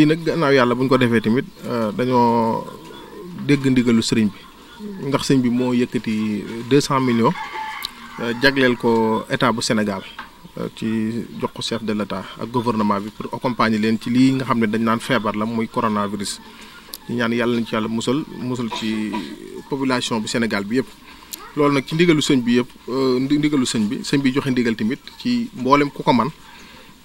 lii nag gannaaw yàlla bu ñu ko defee tamit euh, dañoo dégg ndigalu sëriñ bi ndax sëñ bi moo yëkkati deux cent millions euh, jagleel ko état bu Sénégal euh, ci jox ko chef de l'état ak gouvernement bi pour accompagner leen ci lii nga xam ne dañ naan feebar la muy coronavirus ñu ñaan yàlla nañ ci yàlla musal musal ci population bu Sénégal bi yëpp. loolu nag ci ndigalu sëñ bi yëpp ndigalu sëñ bi sëñ bi joxe ndigal tamit ci mboolem ku ko man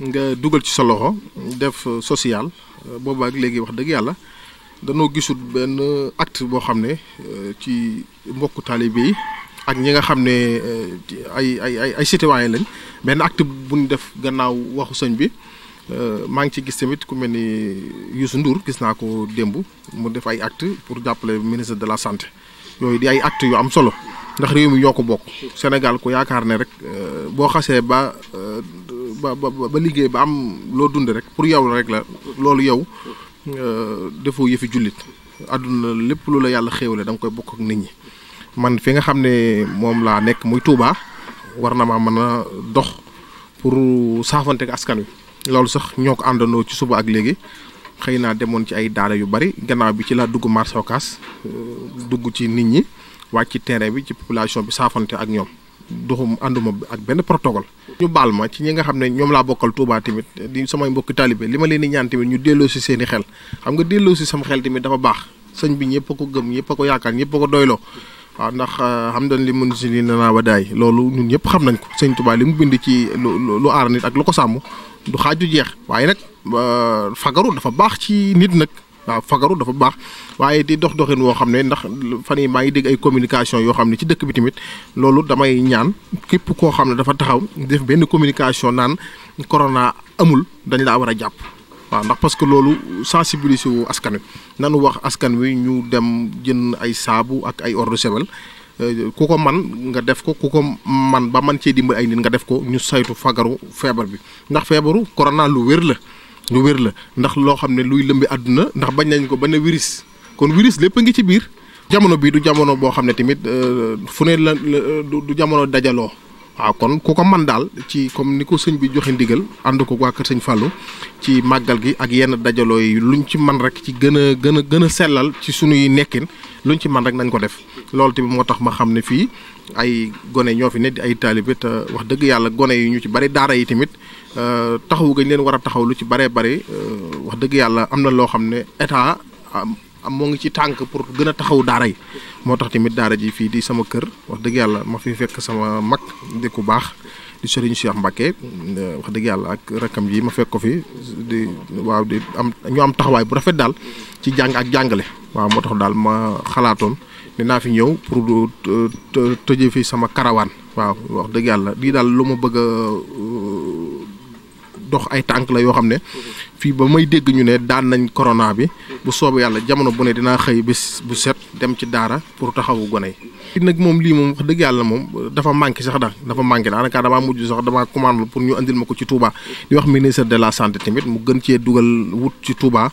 nga dugal ci sa loxo def euh, social euh, boobaa ak léegi wax dëgg yàlla danoo gisut benn euh, act boo xam ne ci mbokku taalibe yi ak ñi nga xam ne ay ay ay ay citoyen lañ benn act bu ñu def gannaaw waxu sëñ bi maa ngi ci gis tamit ku mel ni Youssou nduur gis naa ko démb mu def ay act pour jàppale ministre de la santé yooyu di ay acte yu am solo ndax réew mi ñoo ko bokk Sénégal ku yaakaar ne rek boo xasee ba ba ba ba liggéey ba am loo dund rek pour yow la rek la loolu yow euh, defoo yëfi jullit àdduna lépp lu la yàlla xéewale da nga koy bokk ak nit ñi man fi nga xam ne moom laa nekk muy Touba war na maa mën a dox pour saafante ak askan wi loolu sax ñoo ko àndandoo ci suba ak léegi xëy naa demoon ci ay daara yu bari gannaaw bi ci laa dugg marché Ocass euh, dugg ci nit ñi wàcc ci terrain bi ci population bi saafante ak ñoom duxum ànduma ak benn protocole ñu baal ma ci ñi nga xam ne ñoom laa bokkal Touba tamit di samay mbokki taalibee li ma leen di ñaan tamit ñu delloo si seen xel xam nga delloo si sama xel tamit dafa baax sëñ bi ñëpp a ko gëm ñëpp a ko yaakaar ñëpp a ko doyloo waaw ndax xam ah, dañ li mun si ni naa wa daay loolu ñun ñëpp xam nañ ko sëñ Touba li mu bind ci lu lu aar nit ak lu ko sàmm du xaaju jeex waaye nag fagaru dafa baax ci nit nag waaw fagaru dafa baax waaye di dox doxin woo xam ne ndax fan yii maa ngi dégg ay communication yoo xam ne ci dëkk bi tamit loolu damay ñaan képp koo xam ne dafa taxaw def benn communication naan corona amul dañ laa war a jàpp. waaw ndax parce que loolu sensibiliser wu askan wi nanu wax askan wi ñu dem jën ay saabu ak ay eau de euh, ku ko man nga def ko ku ko man ba man cee dimbali ay nit nga def ko ñu saytu fagaru feebar bi ndax feebaru corona lu wér la. lu wér la ndax loo xam ne luy lëmbi àdduna ndax bañ nañ ko ba ne virus kon virus lépp a ngi ci biir. jamono bii du jamono boo xam ne tamit euh, fu ne la du jamono dajaloo waaw kon ku ko man daal ci comme ni ko sëñ bi joxe ndigal ànd ko waa kër sëñ Fallou ci màggal gi ak yenn dajaloo yi lu luñ ci man rek ci gën a gën a gën a sellal ci suñuy nekkin luñ ci man rek nañ ko def. loolu tamit moo tax ma xam ne fii ay gone ñoo fi ne ay taalibe te wax dëgg yàlla gone yi ñu ci bari daara yi tamit euh, taxawu gañ leen war a taxaw lu ci baree bari euh, wax dëgg yàlla am na loo xam ne état moo ngi ci tànk pour gën a taxaw daara yi moo tax tamit daara ji fii di sama kër wax dëgg yàlla ma fi fekk sama mag di baax di si Cheikh Mbacke euh, wax dëgg yàlla ak rakam ji ma fekk ko fi di waaw di am ñu am taxawaay bu rafet daal ci jàng ak jàngale waaw moo tax daal ma xalaatoon dinaa fi ñëw pour du euh, tëjee fi sama karawaan waaw wax dëgg yàlla dii daal lu ma bëgg a dox ay tànk la yoo xam ne fii ba may dégg ñu ne daan nañ corona bi bu soobee yàlla jamono bu ne dinaa xëy bés bu set dem ci daara pour taxawu gone yi nag moom lii moom wax dëgg yàlla moom dafa manqué sax da dafa manqué daanaka damaa mujj sax damaa commande pour ñu andil ma ko ci Touba di wax ministre de la santé tamit mu gën cee dugal wut ci Touba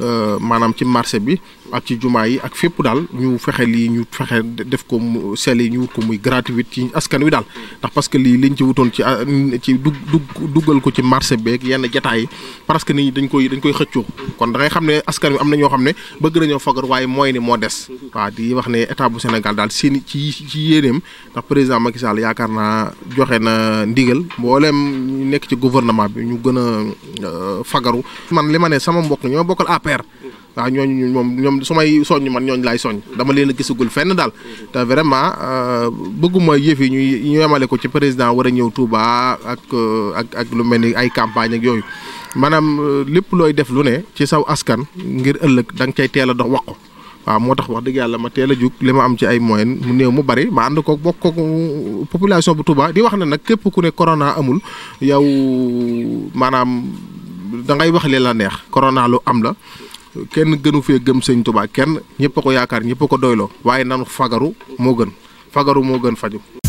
euh, maanaam ci marché bi ak ci jumaa yi ak fépp daal ñu fexe lii ñu fexe def ko sel yi ñu wut ko muy ci askan wi daal beeg yenn jataay yi parce que nit ñi dañ koy dañ koy xëccoo kon da xam ne askan wi am na ñoo xam ne bëgg nañoo fagaru waaye mooy ni moo des waaw di wax ne état bu Sénégal daal seen ci ci yéeneem ndax président Macky Sall yaakaar naa joxe na ndigal mbooleem nekk ci gouvernement bi ñu gën a euh, fagaru man li ma ne sama mbokk ñoo bokkal APR waaw ñooñu moom ñoom su may soññ man ñooñu lay soññ dama leen a gisagul fenn daal te vraiment euh, bëgguma yëf yi ñuy ñu yemale ko ci président war a ñëw Touba ak euh, ak ak lu mel ni ay campagne ak yooyu maanaam euh, lépp looy def lu ne ci saw askan ngir ëllëg da teel a dox wax ko waaw moo tax wax dëgg yàlla ma teel a jug li ma am ci ay moyen mu néew mu bari ma ànd bokk ko population bu Touba di wax ne nag képp ku ne corona amul yow maanaam da wax li la neex corona lu am la kenn gënu fee gëm sëñ Tuubaa kenn ñëpp a ko yaakaar ñëpp a ko doyloo waaye nanu fagaru moo gën fagaru moo gën faju